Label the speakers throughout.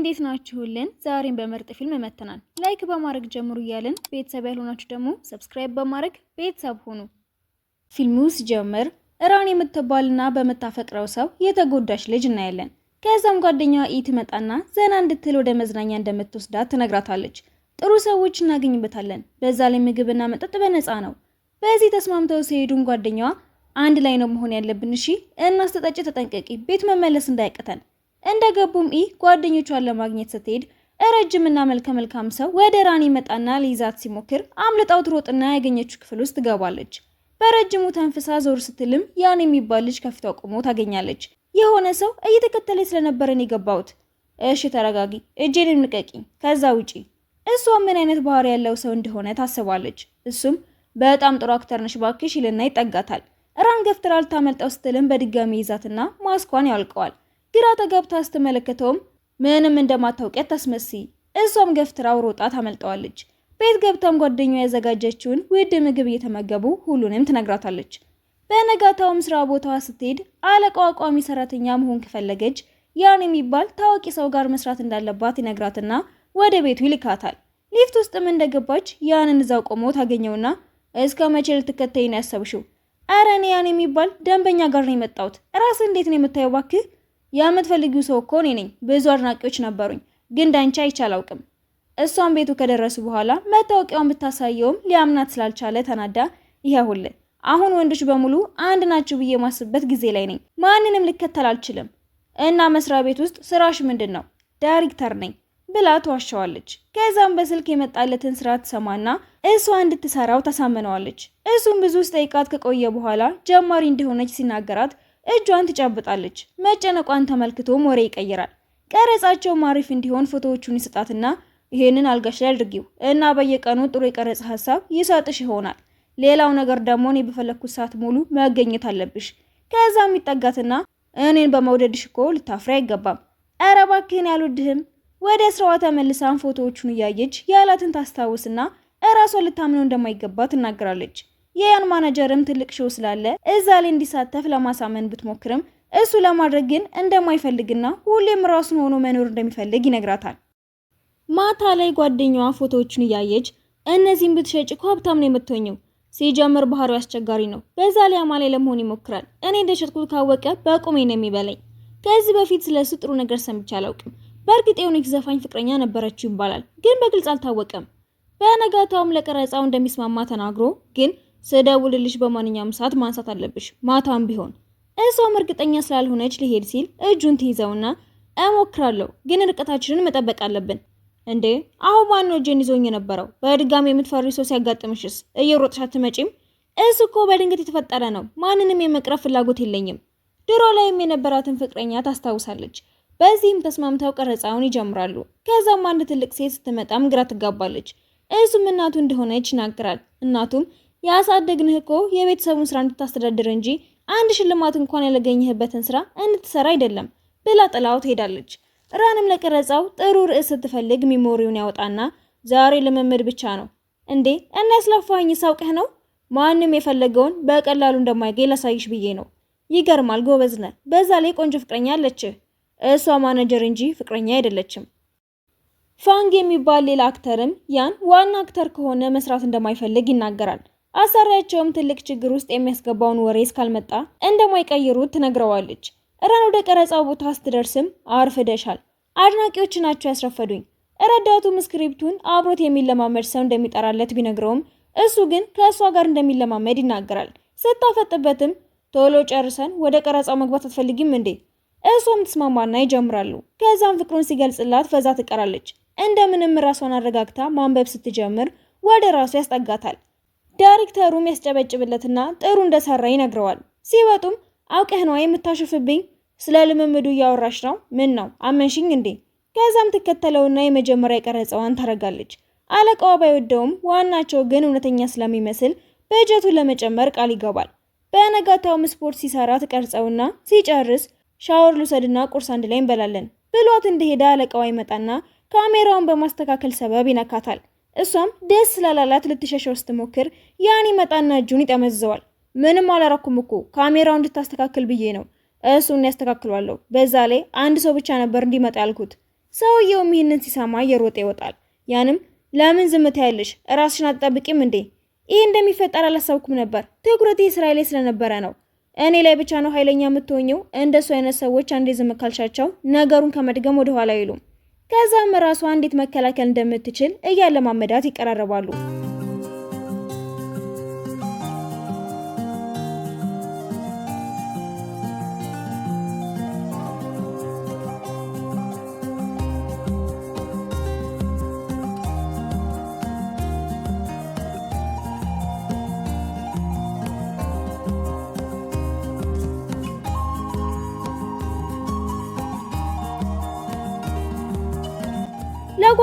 Speaker 1: እንዴት ናችሁልን? ዛሬን በምርጥ ፊልም መተናል። ላይክ በማድረግ ጀምሩ እያልን ቤተሰብ ያልሆናችሁ ደግሞ ሰብስክራይብ በማድረግ ቤተሰብ ሁኑ። ፊልሙ ሲጀምር እራን የምትባልና በምታፈቅረው ሰው የተጎዳች ልጅ እናያለን። ከዛም ጓደኛዋ ኢ ትመጣና ዘና እንድትል ወደ መዝናኛ እንደምትወስዳት ትነግራታለች። ጥሩ ሰዎች እናገኝበታለን፣ በዛ ላይ ምግብና መጠጥ በነፃ ነው። በዚህ ተስማምተው ሲሄዱን ጓደኛዋ አንድ ላይ ነው መሆን ያለብን፣ እሺ እናስተጠጭ፣ ተጠንቀቂ፣ ቤት መመለስ እንዳይቀተን እንደ ገቡም ኢ ጓደኞቿን ለማግኘት ስትሄድ ረጅምና መልከ መልካም ሰው ወደ ራኒ መጣና ሊይዛት ሲሞክር አምልጣው ትሮጥና ያገኘችው ክፍል ውስጥ ትገባለች። በረጅሙ ተንፍሳ ዞር ስትልም ያን የሚባል ልጅ ከፊቷ ቆሞ ታገኛለች። የሆነ ሰው እየተከተለኝ ስለነበረን የገባሁት። እሺ ተረጋጊ፣ እጄን ንቀቂ፣ ከዛ ውጪ። እሷ ምን አይነት ባህሪ ያለው ሰው እንደሆነ ታስባለች። እሱም በጣም ጥሩ አክተር ነሽ ባክሽ ይልና ይጠጋታል። ራን ገፍትራ ልታመልጠው ስትልም በድጋሚ ይዛትና ማስኳን ያውልቀዋል። ግራ ተጋብታ ስትመለከተውም ምንም እንደማታውቂያት ታስመስይ። እሷም ገፍትራ ሮጣ ታመልጠዋለች። ቤት ገብታም ጓደኛ ያዘጋጀችውን ውድ ምግብ እየተመገቡ ሁሉንም ትነግራታለች። በነጋታውም ስራ ቦታዋ ስትሄድ አለቃዋ ቋሚ ሰራተኛ መሆን ከፈለገች ያን የሚባል ታዋቂ ሰው ጋር መስራት እንዳለባት ይነግራትና ወደ ቤቱ ይልካታል። ሊፍት ውስጥም እንደገባች ያንን እዛው ቆሞ ታገኘውና እስከ መቼ ልትከተይ ነው ያሰብሽው? አረ እኔ ያን የሚባል ደንበኛ ጋር ነው የመጣሁት። ራስህ እንዴት ነው የምታየው? እባክህ የምትፈልጊው ሰው እኮ እኔ ነኝ። ብዙ አድናቂዎች ነበሩኝ፣ ግን ዳንቻ አይቼ አላውቅም። እሷን ቤቱ ከደረሱ በኋላ መታወቂያውን ብታሳየውም ሊያምናት ስላልቻለ ተናዳ ይሄውልህ አሁን ወንዶች በሙሉ አንድ ናቸው ብዬ የማስብበት ጊዜ ላይ ነኝ። ማንንም ልከተል አልችልም። እና መስሪያ ቤት ውስጥ ስራሽ ምንድን ነው? ዳይሬክተር ነኝ ብላ ትዋሻዋለች። ከዛም በስልክ የመጣለትን ስራ ትሰማና እሷ እንድትሰራው ታሳምነዋለች። እሱም ብዙ ስጠይቃት ከቆየ በኋላ ጀማሪ እንደሆነች ሲናገራት እጇን ትጨብጣለች። መጨነቋን ተመልክቶም ወሬ ይቀይራል። ቀረጻቸውም አሪፍ እንዲሆን ፎቶዎቹን ይሰጣትና ይሄንን አልጋሽ ላይ አድርጊው እና በየቀኑ ጥሩ የቀረጻ ሀሳብ ይሰጥሽ ይሆናል። ሌላው ነገር ደግሞ እኔ በፈለግኩት ሰዓት ሙሉ መገኘት አለብሽ። ከዛም የሚጠጋትና እኔን በመውደድሽ እኮ ልታፍሬ አይገባም። ኧረ እባክህን ያልወድህም። ወደ ስራዋ ተመልሳን ፎቶዎቹን እያየች ያላትን ታስታውስና እራሷን ልታምነው እንደማይገባ ትናገራለች። የያን ማናጀርም ትልቅ ሾው ስላለ እዛ ላይ እንዲሳተፍ ለማሳመን ብትሞክርም እሱ ለማድረግ ግን እንደማይፈልግና ሁሌም ራሱን ሆኖ መኖር እንደሚፈልግ ይነግራታል። ማታ ላይ ጓደኛዋ ፎቶዎቹን እያየች እነዚህም ብትሸጭ እኮ ሀብታም ነው የምትሆኘው። ሲጀምር ባህሪው አስቸጋሪ ነው። በዛ ላይ አማላይ ለመሆን ይሞክራል። እኔ እንደሸጥኩት ካወቀ በቁሜ ነው የሚበለኝ። ከዚህ በፊት ስለ እሱ ጥሩ ነገር ሰምቼ አላውቅም። በእርግጥ የሆነች ዘፋኝ ፍቅረኛ ነበረችው ይባላል፣ ግን በግልጽ አልታወቀም። በነጋታውም ለቀረጻው እንደሚስማማ ተናግሮ ግን ስደውልልሽ በማንኛውም ሰዓት ማንሳት አለብሽ፣ ማታም ቢሆን። እሷም እርግጠኛ ስላልሆነች ሊሄድ ሲል እጁን ትይዘውና እሞክራለሁ፣ ግን ርቀታችንን መጠበቅ አለብን። እንዴ አሁን ነው እጄን ይዞኝ የነበረው? በድጋሚ የምትፈሪ ሰው ሲያጋጥምሽስ እየሮጥሽ አትመጪም? እሱ እኮ በድንገት የተፈጠረ ነው። ማንንም የመቅረብ ፍላጎት የለኝም። ድሮ ላይም የነበራትን ፍቅረኛ ታስታውሳለች። በዚህም ተስማምተው ቀረጻውን ይጀምራሉ። ከዛም አንድ ትልቅ ሴት ስትመጣም ግራ ትጋባለች። እሱም እናቱ እንደሆነች ይናገራል። እናቱም ያሳደግንህ እኮ የቤተሰቡን ስራ እንድታስተዳድር እንጂ አንድ ሽልማት እንኳን ያላገኘህበትን ስራ እንድትሰራ አይደለም ብላ ጥላው ትሄዳለች። ራንም ለቀረጻው ጥሩ ርዕስ ስትፈልግ ሚሞሪውን ያወጣና ዛሬ ልምምድ ብቻ ነው እንዴ እና ያስለፋኝ ሳውቅህ ነው። ማንም የፈለገውን በቀላሉ እንደማይገኝ ላሳይሽ ብዬ ነው። ይገርማል ጎበዝ ነህ። በዛ ላይ ቆንጆ ፍቅረኛ አለችህ። እሷ ማናጀር እንጂ ፍቅረኛ አይደለችም። ፋንግ የሚባል ሌላ አክተርም ያን ዋና አክተር ከሆነ መስራት እንደማይፈልግ ይናገራል። አሰሪያቸውም ትልቅ ችግር ውስጥ የሚያስገባውን ወሬ እስካልመጣ እንደማይቀይሩት ትነግረዋለች። እራን ወደ ቀረጻው ቦታ ስትደርስም አርፍደሻል፣ አድናቂዎች ናቸው ያስረፈዱኝ። ረዳቱም ስክሪፕቱን አብሮት የሚለማመድ ሰው እንደሚጠራለት ቢነግረውም እሱ ግን ከእሷ ጋር እንደሚለማመድ ይናገራል። ስታፈጥበትም ቶሎ ጨርሰን ወደ ቀረጻው መግባት አትፈልጊም እንዴ? እሷም ትስማማና ይጀምራሉ። ከዛም ፍቅሩን ሲገልጽላት ፈዛ ትቀራለች። እንደምንም ራሷን አረጋግታ ማንበብ ስትጀምር ወደ ራሱ ያስጠጋታል። ዳይሬክተሩም ያስጨበጭብለትና ጥሩ እንደሰራ ይነግረዋል። ሲወጡም አውቀህ ነው የምታሾፍብኝ? ስለ ልምምዱ እያወራሽ ነው? ምን ነው አመንሽኝ እንዴ? ከዛም ትከተለውና የመጀመሪያ የቀረጸዋን ታደርጋለች። አለቃዋ ባይወደውም ዋናቸው ግን እውነተኛ ስለሚመስል በእጀቱ ለመጨመር ቃል ይገባል። በነጋታውም ስፖርት ሲሰራ ትቀርጸውና ሲጨርስ ሻወር ልውሰድና ቁርስ አንድ ላይ እንበላለን ብሏት እንደሄደ አለቃዋ ይመጣና ካሜራውን በማስተካከል ሰበብ ይነካታል። እሷም ደስ ስላላላት ልትሸሸው ስትሞክር ያን ይመጣና እጁን ይጠመዝዘዋል። ምንም አላረኩም እኮ ካሜራው እንድታስተካክል ብዬ ነው። እሱን ያስተካክሏለሁ። በዛ ላይ አንድ ሰው ብቻ ነበር እንዲመጣ ያልኩት። ሰውየውም ይህንን ሲሰማ እየሮጠ ይወጣል። ያንም ለምን ዝም ትያለሽ? ራስሽን አትጠብቂም እንዴ? ይህ እንደሚፈጠር አላሰብኩም ነበር። ትኩረቴ ስራ ላይ ስለነበረ ነው። እኔ ላይ ብቻ ነው ኃይለኛ የምትሆኘው። እንደሱ አይነት ሰዎች አንዴ ዝም ካልሻቸው ነገሩን ከመድገም ወደኋላ አይሉም። ከዛም ራሷ እንዴት መከላከል እንደምትችል እያለማመዳት ይቀራረባሉ።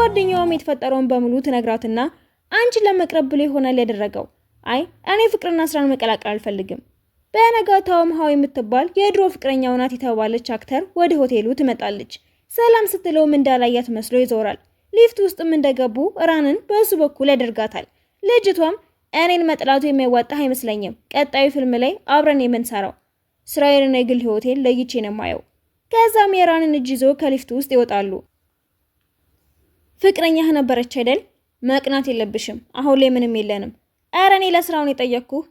Speaker 1: ጓደኛዋም የተፈጠረውን በሙሉ ትነግራትና አንቺን ለመቅረብ ብሎ ይሆናል ያደረገው። አይ እኔ ፍቅርና ስራን መቀላቀል አልፈልግም። በነጋታውም ሀው የምትባል የድሮ ፍቅረኛው ናት የተባለች አክተር ወደ ሆቴሉ ትመጣለች። ሰላም ስትለውም እንዳላያት መስሎ ይዞራል። ሊፍት ውስጥም እንደገቡ ራንን በእሱ በኩል ያደርጋታል። ልጅቷም እኔን መጥላቱ የሚያዋጣህ አይመስለኝም። ቀጣዩ ፊልም ላይ አብረን የምንሰራው ስራዬንና የግል ህይወቴን ለይቼ ነው የማየው። ከዛም የራንን እጅ ይዞ ከሊፍት ውስጥ ይወጣሉ። ፍቅረኛህ ነበረች አይደል? መቅናት የለብሽም። አሁን ላይ ምንም የለንም። ኧረ እኔ ለስራውን የጠየቅኩህ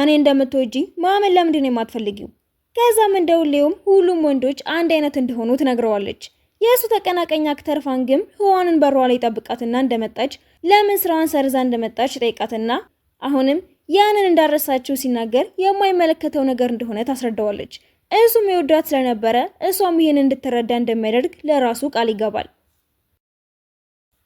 Speaker 1: እኔ እንደምትወጂኝ ማመን ለምንድን የማትፈልጊው? ከዛም እንደውሌውም ሁሉም ወንዶች አንድ አይነት እንደሆኑ ትነግረዋለች። የእሱ ተቀናቃኝ አክተር ፋንግም ህዋንን በሯ ላይ ጠብቃትና እንደመጣች ለምን ስራዋን ሰርዛ እንደመጣች ጠይቃትና አሁንም ያንን እንዳረሳችው ሲናገር የማይመለከተው ነገር እንደሆነ ታስረዳዋለች። እሱም የወዷት ስለነበረ እሷም ይህን እንድትረዳ እንደሚያደርግ ለራሱ ቃል ይገባል።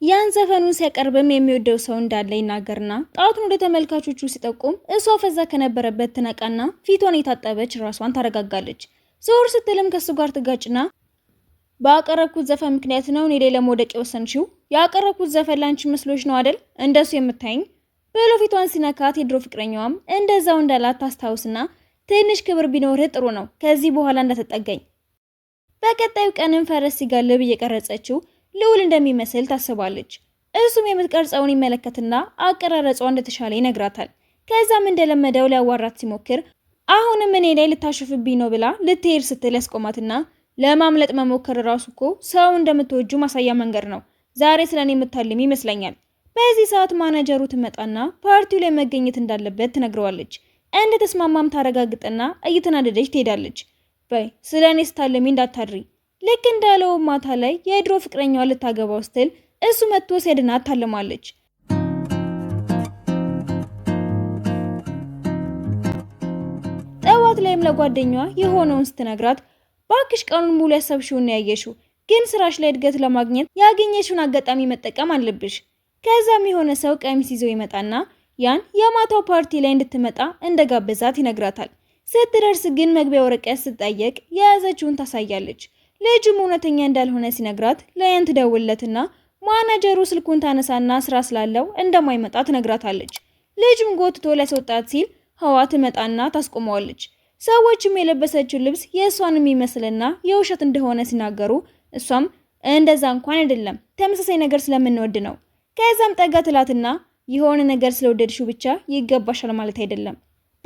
Speaker 1: ያን ዘፈኑን ሲያቀርብም የሚወደው ሰው እንዳለ ይናገርና ጣቱን ወደ ተመልካቾቹ ሲጠቁም እሷ ፈዛ ከነበረበት ትነቃና ፊቷን የታጠበች ራሷን ታረጋጋለች። ዞር ስትልም ከእሱ ጋር ትጋጭና በአቀረብኩት ዘፈን ምክንያት ነው እኔ ላይ ለመውደቅ የወሰንሽው? ያቀረብኩት ዘፈን ላንቺ መስሎች ነው አደል እንደሱ የምታይኝ ብሎ ፊቷን ሲነካት የድሮ ፍቅረኛዋም እንደዛው እንዳላት ታስታውስና ትንሽ ክብር ቢኖርህ ጥሩ ነው ከዚህ በኋላ እንደተጠገኝ። በቀጣዩ ቀንም ፈረስ ሲጋልብ እየቀረጸችው ልዑል እንደሚመስል ታስባለች። እሱም የምትቀርጸውን ይመለከትና አቀራረጿ እንደተሻለ ይነግራታል። ከዛም እንደለመደው ሊያዋራት ሲሞክር አሁንም እኔ ላይ ልታሽፍብኝ ነው ብላ ልትሄድ ስትል ያስቆማትና ለማምለጥ መሞከር ራሱ እኮ ሰው እንደምትወጁ ማሳያ መንገድ ነው። ዛሬ ስለ እኔ የምታልም ይመስለኛል። በዚህ ሰዓት ማናጀሩ ትመጣና ፓርቲው ላይ መገኘት እንዳለበት ትነግረዋለች። እንደ ተስማማም ታረጋግጥና እየተናደደች ትሄዳለች። በይ ስለ እኔ ስታልሚ እንዳታድሪ ልክ እንዳለው ማታ ላይ የድሮ ፍቅረኛዋ ልታገባው ስትል እሱ መጥቶ ሲያድናት ታልማለች። ጠዋት ላይም ለጓደኛዋ የሆነውን ስትነግራት ባክሽ ቀኑን ሙሉ ያሰብሽውን ያየሽው፣ ግን ስራሽ ላይ እድገት ለማግኘት ያገኘሽውን አጋጣሚ መጠቀም አለብሽ። ከዛም የሆነ ሰው ቀሚስ ይዞ ይመጣና ያን የማታው ፓርቲ ላይ እንድትመጣ እንደጋበዛት ይነግራታል። ስትደርስ ግን መግቢያ ወረቀት ስትጠየቅ የያዘችውን ታሳያለች። ልጅም እውነተኛ እንዳልሆነ ሲነግራት ለያን ትደውልለትና ማናጀሩ ስልኩን ታነሳና ስራ ስላለው እንደማይመጣ ትነግራታለች። ልጅም ጎትቶ ሊያስወጣት ሲል ሀዋ ትመጣና ታስቆመዋለች። ሰዎችም የለበሰችው ልብስ የእሷን የሚመስልና የውሸት እንደሆነ ሲናገሩ እሷም እንደዛ እንኳን አይደለም ተመሳሳይ ነገር ስለምንወድ ነው። ከዛም ጠጋ ትላትና የሆነ ነገር ስለወደድሽው ብቻ ይገባሻል ማለት አይደለም።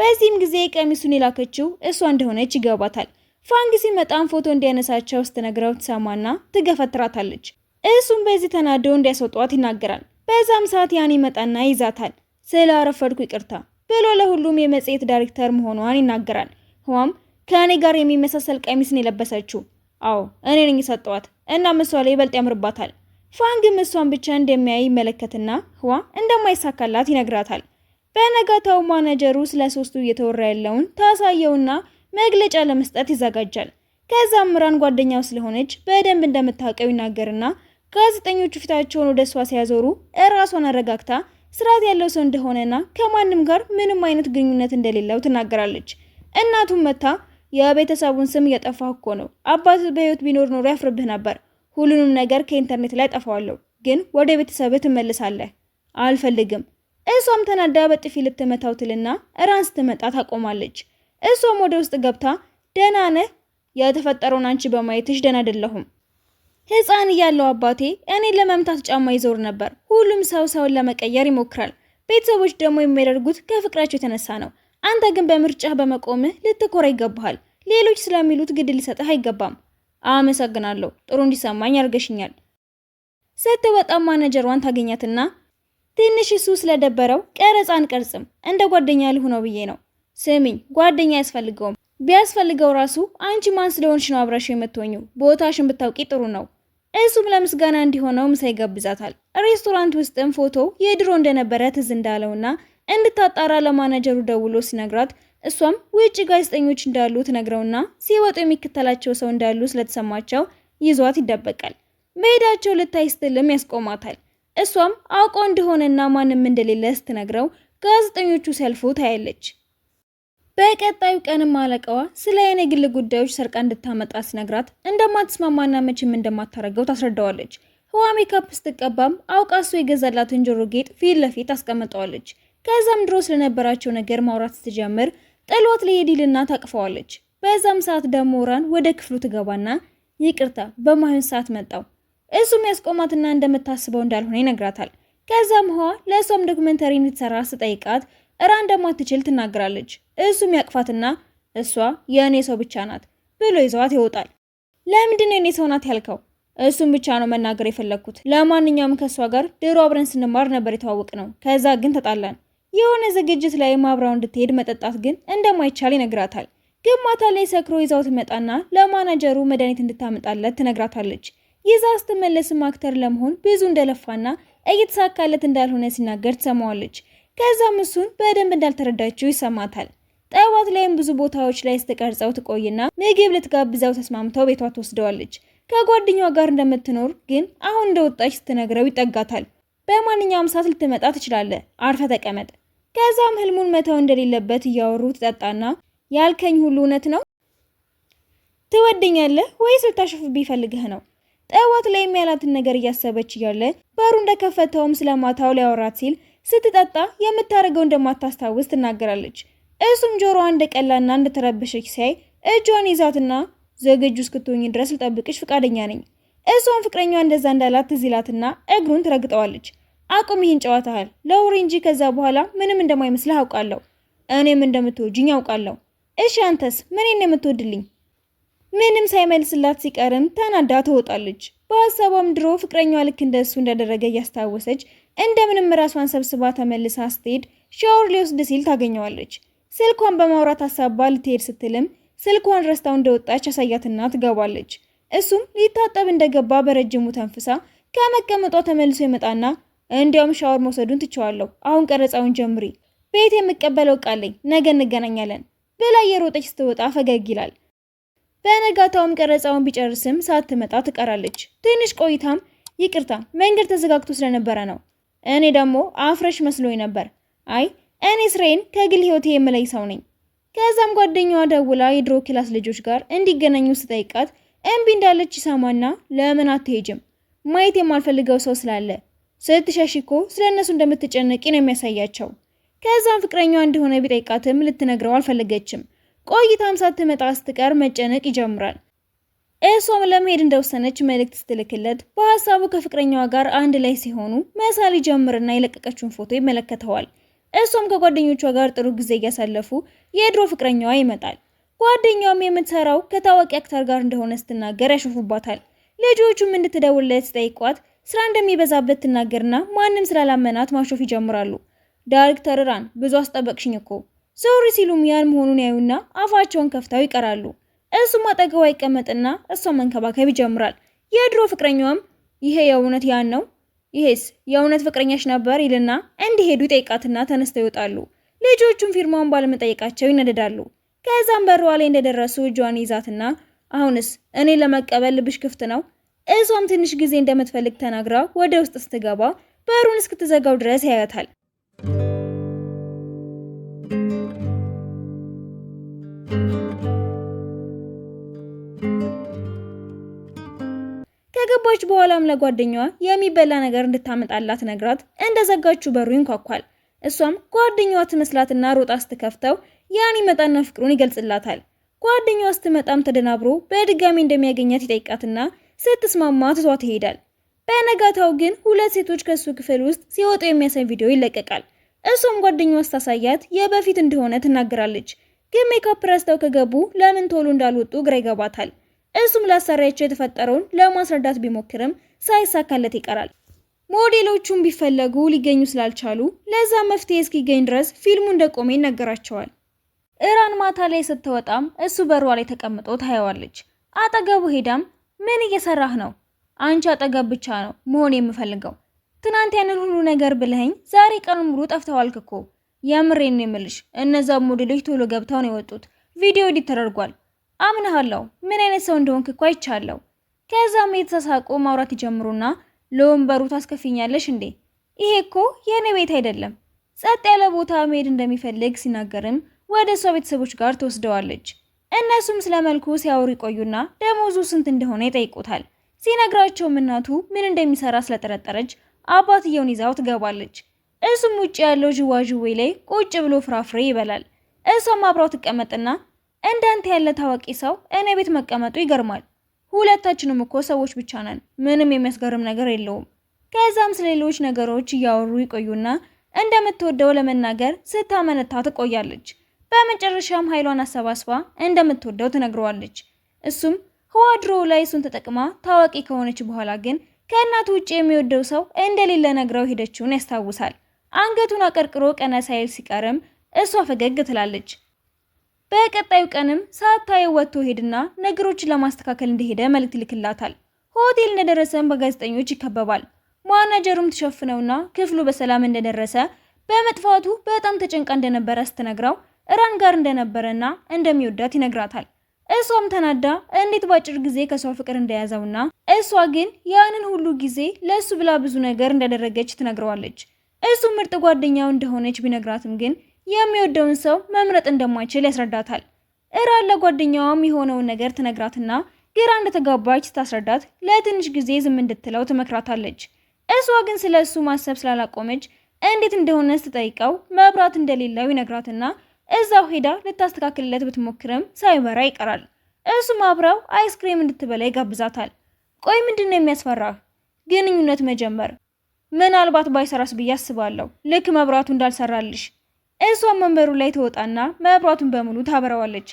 Speaker 1: በዚህም ጊዜ ቀሚሱን የላከችው እሷ እንደሆነች ይገባታል። ፋንግ ሲመጣም ፎቶ እንዲያነሳቸው ስትነግረው ትሰማና ትገፈትራታለች። እሱም በዚህ ተናደው እንዲያስወጧት ይናገራል። በዛም ሰዓት ያን ይመጣና ይዛታል። ስለ አረፈድኩ ይቅርታ ብሎ ለሁሉም የመጽሔት ዳይሬክተር መሆኗን ይናገራል። ህዋም ከእኔ ጋር የሚመሳሰል ቀሚስን የለበሰችው አዎ እኔ ነኝ የሰጠዋት እና ምሷ ላይ ይበልጥ ያምርባታል። ፋንግም እሷን ብቻ እንደሚያይ ይመለከትና ህዋ እንደማይሳካላት ይነግራታል። በነጋታው ማናጀሩ ስለ ሶስቱ እየተወራ ያለውን ታሳየውና መግለጫ ለመስጠት ይዘጋጃል። ከዛም ምራን ጓደኛው ስለሆነች በደንብ እንደምታውቀው ይናገርና ጋዜጠኞቹ ፊታቸውን ወደ እሷ ሲያዞሩ እራሷን አረጋግታ ስርዓት ያለው ሰው እንደሆነና ከማንም ጋር ምንም አይነት ግንኙነት እንደሌለው ትናገራለች። እናቱም መታ የቤተሰቡን ስም እየጠፋ እኮ ነው። አባት በህይወት ቢኖር ኖሮ ያፍርብህ ነበር። ሁሉንም ነገር ከኢንተርኔት ላይ ጠፋዋለሁ፣ ግን ወደ ቤተሰብህ ትመልሳለህ። አልፈልግም። እሷም ተናዳ በጥፊ ልትመታው ትልና ራን ስትመጣ ታቆማለች። እሷም ወደ ውስጥ ገብታ ደህና ነህ? የተፈጠረውን አንቺ በማየትሽ ደህና አይደለሁም። ህፃን እያለው አባቴ እኔን ለመምታት ጫማ ይዞር ነበር። ሁሉም ሰው ሰውን ለመቀየር ይሞክራል። ቤተሰቦች ደግሞ የሚያደርጉት ከፍቅራቸው የተነሳ ነው። አንተ ግን በምርጫህ በመቆምህ ልትኮራ ይገባሃል። ሌሎች ስለሚሉት ግድ ሊሰጥህ አይገባም። አመሰግናለሁ። ጥሩ እንዲሰማኝ አድርገሽኛል። ስትወጣ ማናጀሯን ታገኛትና ትንሽ እሱ ስለደበረው ቀረፃ አንቀርጽም እንደ ጓደኛ ልሁነው ብዬ ነው ስሚኝ፣ ጓደኛ አያስፈልገውም። ቢያስፈልገው ራሱ አንቺ ማን ስለሆንሽ ነው አብራሽ የምትሆኝው? ቦታሽን ብታውቂ ጥሩ ነው። እሱም ለምስጋና እንዲሆነው ምሳ ይጋብዛታል። ሬስቶራንት ውስጥም ፎቶው የድሮ እንደነበረ ትዝ እንዳለውና እንድታጣራ ለማናጀሩ ደውሎ ሲነግራት እሷም ውጭ ጋዜጠኞች እንዳሉ ትነግረውና ሲወጡ የሚከተላቸው ሰው እንዳሉ ስለተሰማቸው ይዟት ይደበቃል። መሄዳቸው ልታይ ስትልም ያስቆማታል። እሷም አውቆ እንደሆነና ማንም እንደሌለ ስትነግረው ጋዜጠኞቹ ሲያልፉ ታያለች። በቀጣዩ ቀንም አለቃዋ ስለ የኔ ግል ጉዳዮች ሰርቃ እንድታመጣ ሲነግራት እንደማትስማማና መቼም እንደማታረገው ታስረዳዋለች። ህዋ ሜካፕ ስትቀባም አውቃ እሱ የገዛላትን ጆሮ ጌጥ ፊት ለፊት አስቀምጠዋለች። ከዛም ድሮ ስለነበራቸው ነገር ማውራት ስትጀምር ጥሎት ሊሄድ ይልና ታቅፈዋለች። በዛም ሰዓት ራን ወደ ክፍሉ ትገባና ይቅርታ በማይሆን ሰዓት መጣው እሱም ያስቆማትና እንደምታስበው እንዳልሆነ ይነግራታል። ከዛም ህዋ ለእሷም ዶክመንተሪ እንድትሰራ ስጠይቃት እራ እንደማትችል ትናገራለች። እሱም ያቅፋትና እሷ የእኔ ሰው ብቻ ናት ብሎ ይዘዋት ይወጣል። ለምንድን የእኔ ሰው ናት ያልከው? እሱም ብቻ ነው መናገር የፈለግኩት። ለማንኛውም ከእሷ ጋር ድሮ አብረን ስንማር ነበር የተዋወቅ ነው። ከዛ ግን ተጣላን። የሆነ ዝግጅት ላይ ማብራው እንድትሄድ መጠጣት ግን እንደማይቻል ይነግራታል። ግን ማታ ላይ ሰክሮ ይዛው ትመጣና ለማናጀሩ መድኃኒት እንድታመጣለት ትነግራታለች። ይዛ ስትመለስም አክተር ለመሆን ብዙ እንደለፋና እየተሳካለት እንዳልሆነ ሲናገር ትሰማዋለች። ከዛም እሱን በደንብ እንዳልተረዳችው ይሰማታል። ጠዋት ላይም ብዙ ቦታዎች ላይ ስትቀርጸው ትቆይና ምግብ ልትጋብዘው ተስማምተው ቤቷ ትወስደዋለች። ከጓደኛዋ ጋር እንደምትኖር ግን አሁን እንደወጣች ስትነግረው ይጠጋታል። በማንኛውም ሰዓት ልትመጣ ትችላለህ፣ አርፈ ተቀመጥ። ከዛም ህልሙን መተው እንደሌለበት እያወሩ ትጠጣና ያልከኝ ሁሉ እውነት ነው? ትወደኛለህ ወይስ ልታሸፍብኝ ፈልገህ ነው? ጠዋት ላይ የሚያላትን ነገር እያሰበች እያለ በሩ እንደከፈተውም ስለማታው ሊያወራት ሲል ስትጠጣ የምታደርገው እንደማታስታውስ ትናገራለች። እሱም ጆሮዋ እንደቀላና እንደተረበሸች ሲያይ እጇን ይዛትና ዝግጁ እስክትሆኝ ድረስ ልጠብቅሽ ፍቃደኛ ነኝ። እሷን ፍቅረኛ እንደዛ እንዳላት ትዝ ይላትና እግሩን ትረግጠዋለች። አቁም ይህን ጨዋታህል ለወሬ እንጂ ከዛ በኋላ ምንም እንደማይመስልህ አውቃለሁ። እኔም እንደምትወጅኝ አውቃለሁ። እሺ አንተስ ምኔን የምትወድልኝ? ምንም ሳይመልስላት ሲቀርም ተናዳ ትወጣለች። በሀሳቧም ድሮ ፍቅረኛዋ ልክ እንደሱ እንዳደረገ እያስታወሰች እንደምንም ራሷን ሰብስባ ተመልሳ ስትሄድ ሻወር ሊወስድ ሲል ታገኘዋለች። ስልኳን በማውራት አሳባ ልትሄድ ስትልም ስልኳን ረስታው እንደወጣች ያሳያትና ትገባለች። እሱም ሊታጠብ እንደገባ በረጅሙ ተንፍሳ ከመቀመጧ ተመልሶ ይመጣና እንዲያውም ሻወር መውሰዱን ትቸዋለሁ፣ አሁን ቀረጻውን ጀምሪ፣ ቤት የምቀበለው ቃለኝ፣ ነገ እንገናኛለን ብላ የሮጠች ስትወጣ ፈገግ ይላል። በነጋታውም ቀረጻውን ቢጨርስም ሳትመጣ ትቀራለች። ትንሽ ቆይታም ይቅርታ መንገድ ተዘጋግቶ ስለነበረ ነው እኔ ደግሞ አፍረሽ መስሎኝ ነበር። አይ እኔ ስራዬን ከግል ህይወቴ የምለይ ሰው ነኝ። ከዛም ጓደኛዋ ደውላ የድሮ ክላስ ልጆች ጋር እንዲገናኙ ስጠይቃት እምቢ እንዳለች ይሰማና ለምን አትሄጅም? ማየት የማልፈልገው ሰው ስላለ ስትሸሽ እኮ ስለ እነሱ እንደምትጨነቂ ነው የሚያሳያቸው። ከዛም ፍቅረኛዋ እንደሆነ ቢጠይቃትም ልትነግረው አልፈለገችም። ቆይታም ሳትመጣ ስትቀር መጨነቅ ይጀምራል። እሷም ለመሄድ እንደወሰነች መልእክት ስትልክለት በሀሳቡ ከፍቅረኛዋ ጋር አንድ ላይ ሲሆኑ መሳል ይጀምርና የለቀቀችውን ፎቶ ይመለከተዋል። እሷም ከጓደኞቿ ጋር ጥሩ ጊዜ እያሳለፉ የድሮ ፍቅረኛዋ ይመጣል። ጓደኛውም የምትሰራው ከታዋቂ አክተር ጋር እንደሆነ ስትናገር ያሸፉባታል። ልጆቹም እንድትደውልለት ሲጠይቋት ስራ እንደሚበዛበት ትናገርና ማንም ስላላመናት ማሾፍ ይጀምራሉ። ዳይሬክተር ራን ብዙ አስጠበቅሽኝ እኮ ሶሪ ሲሉም ያን መሆኑን ያዩና አፋቸውን ከፍተው ይቀራሉ። እሱም አጠገቧ ይቀመጥና እሷ መንከባከብ ይጀምራል። የድሮ ፍቅረኛዋም ይሄ የእውነት ያን ነው ይሄስ የእውነት ፍቅረኛሽ ነበር ይልና እንዲሄዱ ይጠይቃትና ተነስተው ይወጣሉ። ልጆቹም ፊርማውን ባለመጠየቃቸው ይነደዳሉ። ከዛም በሯ ላይ እንደደረሱ እጇን ይዛትና አሁንስ እኔ ለመቀበል ልብሽ ክፍት ነው። እሷም ትንሽ ጊዜ እንደምትፈልግ ተናግራ ወደ ውስጥ ስትገባ በሩን እስክትዘጋው ድረስ ያያታል። ከገባች በኋላም ለጓደኛዋ የሚበላ ነገር እንድታመጣላት ነግራት እንደዘጋችው በሩ ይንኳኳል። እሷም ጓደኛዋ ትመስላትና ሮጣ ስትከፍተው ያን ይመጣና ፍቅሩን ይገልጽላታል። ጓደኛዋ ስትመጣም ተደናብሮ በድጋሚ እንደሚያገኛት ይጠይቃትና ስትስማማ ትቷ ትሄዳል። በነጋታው ግን ሁለት ሴቶች ከሱ ክፍል ውስጥ ሲወጡ የሚያሳይ ቪዲዮ ይለቀቃል። እሷም ጓደኛዋ ስታሳያት የበፊት እንደሆነ ትናገራለች። ግን ሜካፕ ረስተው ከገቡ ለምን ቶሎ እንዳልወጡ ግራ ይገባታል። እሱም ላሰራያቸው የተፈጠረውን ለማስረዳት ቢሞክርም ሳይሳካለት ይቀራል። ሞዴሎቹም ቢፈለጉ ሊገኙ ስላልቻሉ ለዛ መፍትሄ እስኪገኝ ድረስ ፊልሙ እንደቆመ ይነገራቸዋል። እራን ማታ ላይ ስትወጣም እሱ በሯ ላይ ተቀምጦ ታየዋለች። አጠገቡ ሄዳም ምን እየሰራህ ነው? አንቺ አጠገብ ብቻ ነው መሆን የምፈልገው። ትናንት ያንን ሁሉ ነገር ብለኸኝ ዛሬ ቀኑን ሙሉ ጠፍተዋልክ እኮ። የምሬን ነው የምልሽ። እነዛ ሞዴሎች ቶሎ ገብተው ነው የወጡት። ቪዲዮ ኤዲት ተደርጓል። አምናሃለሁ። ምን አይነት ሰው እንደሆንክ እኮ አይቻለሁ። ከዛም የተሳሳቁ ማውራት ይጀምሩና ለወንበሩ ታስከፊኛለሽ እንዴ? ይሄ እኮ የእኔ ቤት አይደለም። ጸጥ ያለ ቦታ መሄድ እንደሚፈልግ ሲናገርም ወደ እሷ ቤተሰቦች ጋር ትወስደዋለች። እነሱም ስለ መልኩ ሲያወሩ ይቆዩና ደሞዙ ስንት እንደሆነ ይጠይቁታል። ሲነግራቸውም እናቱ ምን እንደሚሰራ ስለጠረጠረች አባትየውን ይዛው ትገባለች። እሱም ውጭ ያለው ዥዋዥዌ ላይ ቁጭ ብሎ ፍራፍሬ ይበላል። እሷም አብራው ትቀመጥና እንዳንተ ያለ ታዋቂ ሰው እኔ ቤት መቀመጡ ይገርማል። ሁለታችንም እኮ ሰዎች ብቻ ነን፣ ምንም የሚያስገርም ነገር የለውም። ከዛም ስለሌሎች ነገሮች እያወሩ ይቆዩና እንደምትወደው ለመናገር ስታመነታ ትቆያለች። በመጨረሻም ኃይሏን አሰባስባ እንደምትወደው ትነግረዋለች። እሱም ህዋ ድሮ ላይ እሱን ተጠቅማ ታዋቂ ከሆነች በኋላ ግን ከእናቱ ውጭ የሚወደው ሰው እንደሌለ ነግረው ሄደችውን ያስታውሳል። አንገቱን አቀርቅሮ ቀና ሳይል ሲቀርም እሷ ፈገግ ትላለች። በቀጣዩ ቀንም ሳታየው ወጥቶ ሄድና ነገሮችን ለማስተካከል እንደሄደ መልእክት ይልክላታል። ሆቴል እንደደረሰም በጋዜጠኞች ይከበባል። ማናጀሩም ትሸፍነውና ክፍሉ በሰላም እንደደረሰ በመጥፋቱ በጣም ተጨንቃ እንደነበረ ስትነግረው እራን ጋር እንደነበረና እንደሚወዳት ይነግራታል። እሷም ተናዳ እንዴት ባጭር ጊዜ ከሷ ፍቅር እንደያዘውና እሷ ግን ያንን ሁሉ ጊዜ ለእሱ ብላ ብዙ ነገር እንዳደረገች ትነግረዋለች። እሱ ምርጥ ጓደኛው እንደሆነች ቢነግራትም ግን የሚወደውን ሰው መምረጥ እንደማይችል ያስረዳታል። እራን ለጓደኛዋም የሆነውን ነገር ትነግራትና ግራ እንደተጋባች ስታስረዳት ለትንሽ ጊዜ ዝም እንድትለው ትመክራታለች። እሷ ግን ስለ እሱ ማሰብ ስላላቆመች እንዴት እንደሆነ ስትጠይቀው መብራት እንደሌለው ይነግራትና እዛው ሄዳ ልታስተካክልለት ብትሞክርም ሳይበራ ይቀራል። እሱም አብረው አይስክሪም እንድትበላ ይጋብዛታል። ቆይ ምንድን ነው ግንኙነት መጀመር ምናልባት ባይሰራስ ብዬ አስባለሁ። ልክ መብራቱ እንዳልሰራልሽ እሷም መንበሩ ላይ ትወጣና መብራቱን በሙሉ ታበራዋለች።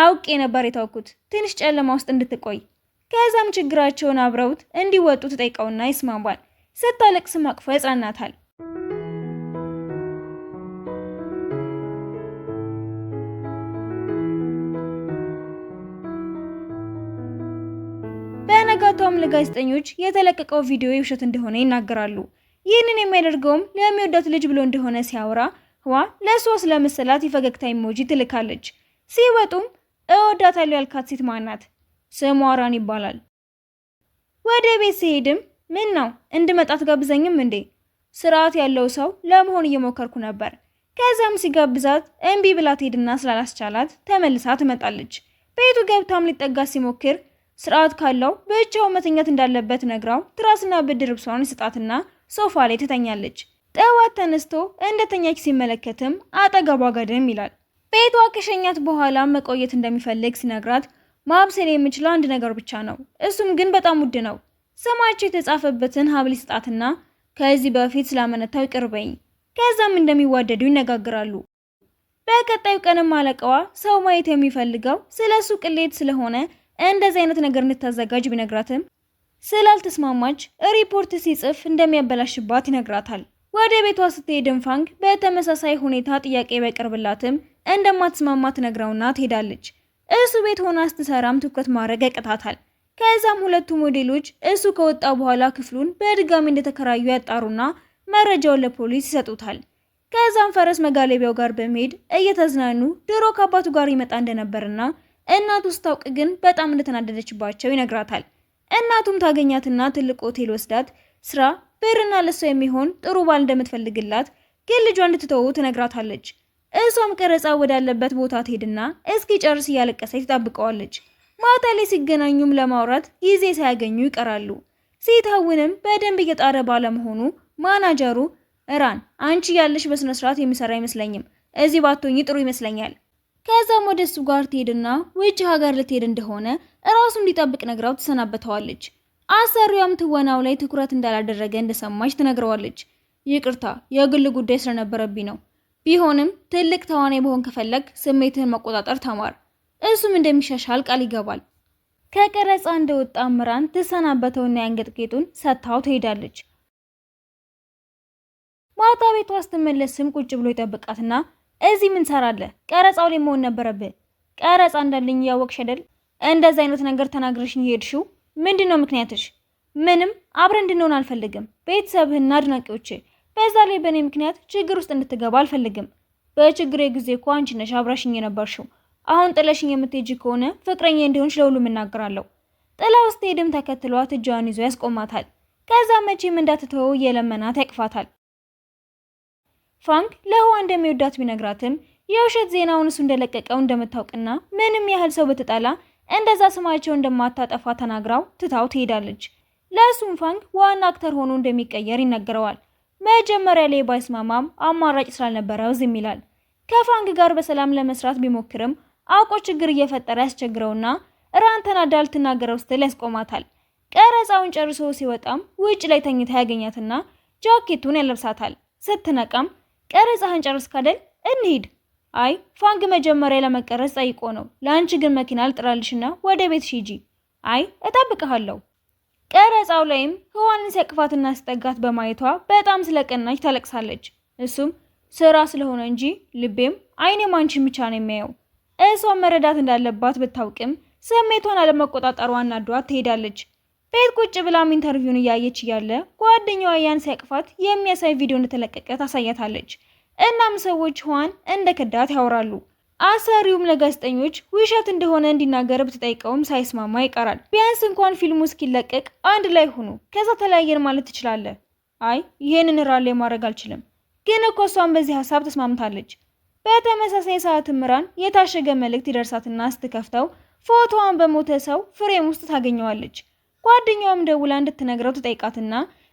Speaker 1: አውቄ ነበር የታውኩት ትንሽ ጨለማ ውስጥ እንድትቆይ። ከዛም ችግራቸውን አብረውት እንዲወጡ ትጠይቀውና ይስማማል። ስታለቅስም አቅፎ ያጽናናታል። በነጋቷም ለጋዜጠኞች የተለቀቀው ቪዲዮ የውሸት እንደሆነ ይናገራሉ። ይህንን የሚያደርገውም ለሚወዳት ልጅ ብሎ እንደሆነ ሲያወራ ህዋ ለሶስት ስለመሰላት የፈገግታ ኢሞጂ ትልካለች። ሲወጡም እወዳታለሁ ያልካት ሴት ማናት? ስሟ ራን ይባላል። ወደ ቤት ሲሄድም ምን ነው እንድመጣ ትጋብዘኝም እንዴ? ስርዓት ያለው ሰው ለመሆን እየሞከርኩ ነበር። ከዛም ሲጋብዛት እምቢ ብላ ትሄድና ስላላስቻላት ተመልሳ ትመጣለች። ቤቱ ገብታም ሊጠጋት ሲሞክር ስርዓት ካለው ብቻው መተኛት እንዳለበት ነግራው ትራስና ብድር ልብሷን ይሰጣትና ሶፋ ላይ ትተኛለች። ጠዋት ተነስቶ እንደተኛች ሲመለከትም አጠገቧ ጋደም ይላል። ቤቷ ከሸኛት በኋላ መቆየት እንደሚፈልግ ሲነግራት ማብሰል የምችለው አንድ ነገር ብቻ ነው፣ እሱም ግን በጣም ውድ ነው። ስማቸው የተጻፈበትን ሀብል ስጣትና ከዚህ በፊት ስላመነታው ቅርበኝ። ከዛም እንደሚዋደዱ ይነጋግራሉ። በቀጣዩ ቀንም አለቃዋ ሰው ማየት የሚፈልገው ስለ እሱ ቅሌት ስለሆነ እንደዚህ አይነት ነገር እንድታዘጋጅ ቢነግራትም ስላልተስማማች ሪፖርት ሲጽፍ እንደሚያበላሽባት ይነግራታል። ወደ ቤቷ ስትሄድም ፋንግ በተመሳሳይ ሁኔታ ጥያቄ በቅርብላትም እንደማትስማማ ትነግረውና ትሄዳለች። እሱ ቤት ሆና ስትሰራም ትኩረት ማድረግ ያቅታታል። ከዛም ሁለቱ ሞዴሎች እሱ ከወጣ በኋላ ክፍሉን በድጋሚ እንደተከራዩ ያጣሩና መረጃውን ለፖሊስ ይሰጡታል። ከዛም ፈረስ መጋለቢያው ጋር በመሄድ እየተዝናኑ ድሮ ከአባቱ ጋር ይመጣ እንደነበርና እናቱ ስታውቅ ግን በጣም እንደተናደደችባቸው ይነግራታል። እናቱም ታገኛትና ትልቅ ሆቴል ወስዳት ስራ ብርና ለሷ የሚሆን ጥሩ ባል እንደምትፈልግላት ግን ልጇ እንድትተወው ትነግራታለች። እሷም ቀረጻ ወዳለበት ቦታ ትሄድና እስኪ ጨርስ እያለቀሰች ትጠብቀዋለች። ማታ ላይ ሲገናኙም ለማውራት ጊዜ ሳያገኙ ይቀራሉ። ሲታውንም በደንብ እየጣረ ባለመሆኑ ማናጀሩ እራን አንቺ ያለሽ በስነ ስርዓት የሚሰራ አይመስለኝም፣ እዚህ ባቶኝ ጥሩ ይመስለኛል። ከዛም ወደ እሱ ጋር ትሄድና ውጭ ሀገር ልትሄድ እንደሆነ እራሱ እንዲጠብቅ ነግራው ትሰናበተዋለች። አሰሪዋም ትወናው ላይ ትኩረት እንዳላደረገ እንደሰማች ትነግረዋለች። ይቅርታ የግል ጉዳይ ስለነበረብኝ ነው። ቢሆንም ትልቅ ተዋናይ መሆን ከፈለግ ስሜትህን መቆጣጠር ተማር። እሱም እንደሚሻሻል ቃል ይገባል። ከቀረጻ እንደወጣ ምራን ትሰናበተውና የአንገት ጌጡን ሰጥታው ትሄዳለች። ማታ ቤቷ ስትመለስም ቁጭ ብሎ ይጠብቃትና እዚህ ምን ሰራለህ? ቀረጻው ላይ መሆን ነበረብህ። ቀረጻ እንዳለኝ ያወቅሽ አይደል? እንደዚህ አይነት ነገር ተናግረሽኝ ይሄድሽው ምንድን ነው ምክንያትሽ? ምንም አብረ እንድንሆን አልፈልግም። ቤተሰብህና አድናቂዎቼ፣ በዛ ላይ በእኔ ምክንያት ችግር ውስጥ እንድትገባ አልፈልግም። በችግሬ ጊዜ እኮ አንቺ ነሽ አብራሽኝ የነበርሽው። አሁን ጥለሽኝ የምትሄጂ ከሆነ ፍቅረኛ እንዲሆንሽ ለሁሉም እናገራለሁ። ጥላ ውስጥ ሄድም ተከትሏት እጇን ይዞ ያስቆማታል። ከዛ መቼም እንዳትተወው እየለመናት ያቅፋታል። ፍራንክ ለህዋ እንደሚወዳት ቢነግራትም የውሸት ዜናውን እሱ እንደለቀቀው እንደምታውቅና ምንም ያህል ሰው በተጣላ እንደዛ ስማቸው እንደማታጠፋ ተናግራው ትታው ትሄዳለች። ለሱም ፋንግ ዋና አክተር ሆኖ እንደሚቀየር ይነገረዋል። መጀመሪያ ላይ ባይስማማም አማራጭ ስላልነበረው ዝም ይላል። ከፋንግ ጋር በሰላም ለመስራት ቢሞክርም አውቆ ችግር እየፈጠረ ያስቸግረውና ራንተና ተናዳ ስትል ያስቆማታል። ቀረጻውን ጨርሶ ሲወጣም ውጭ ላይ ተኝታ ያገኛትና ጃኬቱን ያለብሳታል። ስትነቃም ቀረጻህን ጨርስ ካደል እንሂድ አይ ፋንግ መጀመሪያ ለመቀረጽ ጠይቆ ነው። ለአንቺ ግን መኪና ልጥራልሽና ወደ ቤት ሂጂ። አይ እጠብቅሃለሁ። ቀረጻው ላይም ህዋንን ሲያቅፋትና ሲጠጋት በማየቷ በጣም ስለቀናች ታለቅሳለች። እሱም ስራ ስለሆነ እንጂ ልቤም አይኔም አንቺን ብቻ ነው የሚያየው። እሷን መረዳት እንዳለባት ብታውቅም ስሜቷን አለመቆጣጠሯ አናዷት ትሄዳለች። ቤት ቁጭ ብላም ኢንተርቪውን እያየች እያለ ጓደኛዋ ያን ሲያቅፋት የሚያሳይ ቪዲዮ እንደተለቀቀ ታሳያታለች። እናም ሰዎች ውሃን እንደ ክዳት ያወራሉ። አሰሪውም ለጋዜጠኞች ውሸት እንደሆነ እንዲናገር ብትጠይቀውም ሳይስማማ ይቀራል። ቢያንስ እንኳን ፊልሙ እስኪለቀቅ አንድ ላይ ሁኑ፣ ከዛ ተለያየን ማለት ትችላለህ። አይ ይሄንን ራሌ ማድረግ አልችልም። ግን እኮ እሷን በዚህ ሀሳብ ተስማምታለች። በተመሳሳይ ሰዓት ምራን የታሸገ መልእክት ይደርሳትና ስትከፍተው ፎቶዋን በሞተ ሰው ፍሬም ውስጥ ታገኘዋለች። ጓደኛዋም ደውላ እንድትነግረው ትጠይቃትና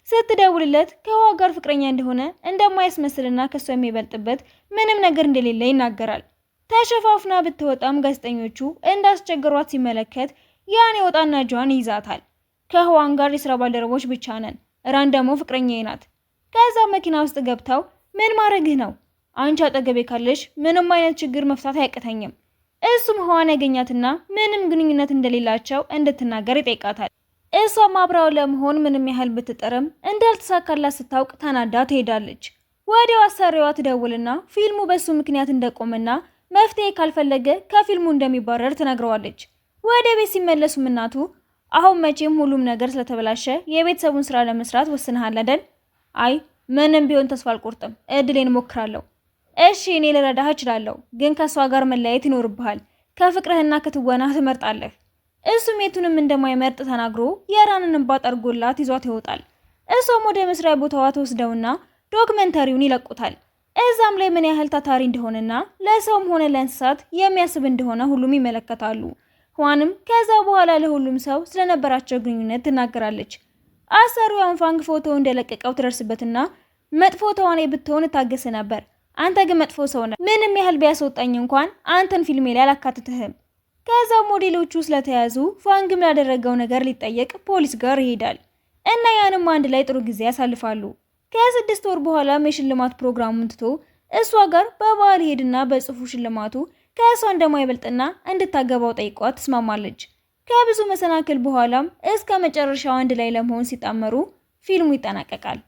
Speaker 1: ስትደውልለት ከህዋ ጋር ፍቅረኛ እንደሆነ እንደማያስመስልና ከሷ የሚበልጥበት ምንም ነገር እንደሌለ ይናገራል። ተሸፋፍና ብትወጣም ጋዜጠኞቹ እንዳስቸገሯት ሲመለከት ያን የወጣና እጇን ይይዛታል። ከህዋን ጋር የስራ ባልደረቦች ብቻ ነን፣ ራን ደግሞ ፍቅረኛዬ ናት። ከዛ መኪና ውስጥ ገብተው ምን ማድረግህ ነው? አንቺ አጠገቤ ካለሽ ምንም አይነት ችግር መፍታት አያቅተኝም። እሱም ህዋን ያገኛትና ምንም ግንኙነት እንደሌላቸው እንድትናገር ይጠይቃታል። እሷም አብራው ለመሆን ምንም ያህል ብትጥርም እንዳልተሳካላት ስታውቅ ተናዳ ትሄዳለች። ወዲያው አሰሪዋ ትደውልና ፊልሙ በሱ ምክንያት እንደቆመና መፍትሄ ካልፈለገ ከፊልሙ እንደሚባረር ትነግረዋለች። ወደ ቤት ሲመለሱም እናቱ አሁን መቼም ሁሉም ነገር ስለተበላሸ የቤተሰቡን ስራ ለመስራት ወስነሃል አይደል? አይ ምንም ቢሆን ተስፋ አልቆርጥም፣ እድሌን ሞክራለሁ። እሺ እኔ ልረዳህ እችላለሁ፣ ግን ከእሷ ጋር መለያየት ይኖርብሃል። ከፍቅርህና ከትወናህ ትመርጣለህ እሱም የቱንም እንደማይመርጥ ተናግሮ የራንን እንባ ጠርጎላት ይዟት ይወጣል። እሷም ወደ መስሪያ ቦታዋ ተወስደውና ዶክመንተሪውን ይለቁታል። እዛም ላይ ምን ያህል ታታሪ እንደሆነና ለሰውም ሆነ ለእንስሳት የሚያስብ እንደሆነ ሁሉም ይመለከታሉ። ኋንም ከዛ በኋላ ለሁሉም ሰው ስለነበራቸው ግንኙነት ትናገራለች። አሰሪው አንፋንግ ፎቶ እንደለቀቀው ትደርስበትና መጥፎ ተዋኔ ብትሆን እታገስ ነበር፣ አንተ ግን መጥፎ ሰው ነህ። ምንም ያህል ቢያስወጣኝ እንኳን አንተን ፊልሜ ላይ አላካትትህም ከዛ ሞዴሎቹ ስለተያዙ ፋንግም ላደረገው ነገር ሊጠየቅ ፖሊስ ጋር ይሄዳል እና ያንም አንድ ላይ ጥሩ ጊዜ ያሳልፋሉ። ከስድስት ወር በኋላም የሽልማት ፕሮግራሙን ትቶ እሷ ጋር በባህል ሄድና በጽሁፉ ሽልማቱ ከእሷ እንደማይበልጥና እንድታገባው ጠይቋ ትስማማለች። ከብዙ መሰናክል በኋላም እስከ መጨረሻው አንድ ላይ ለመሆን ሲጣመሩ ፊልሙ ይጠናቀቃል።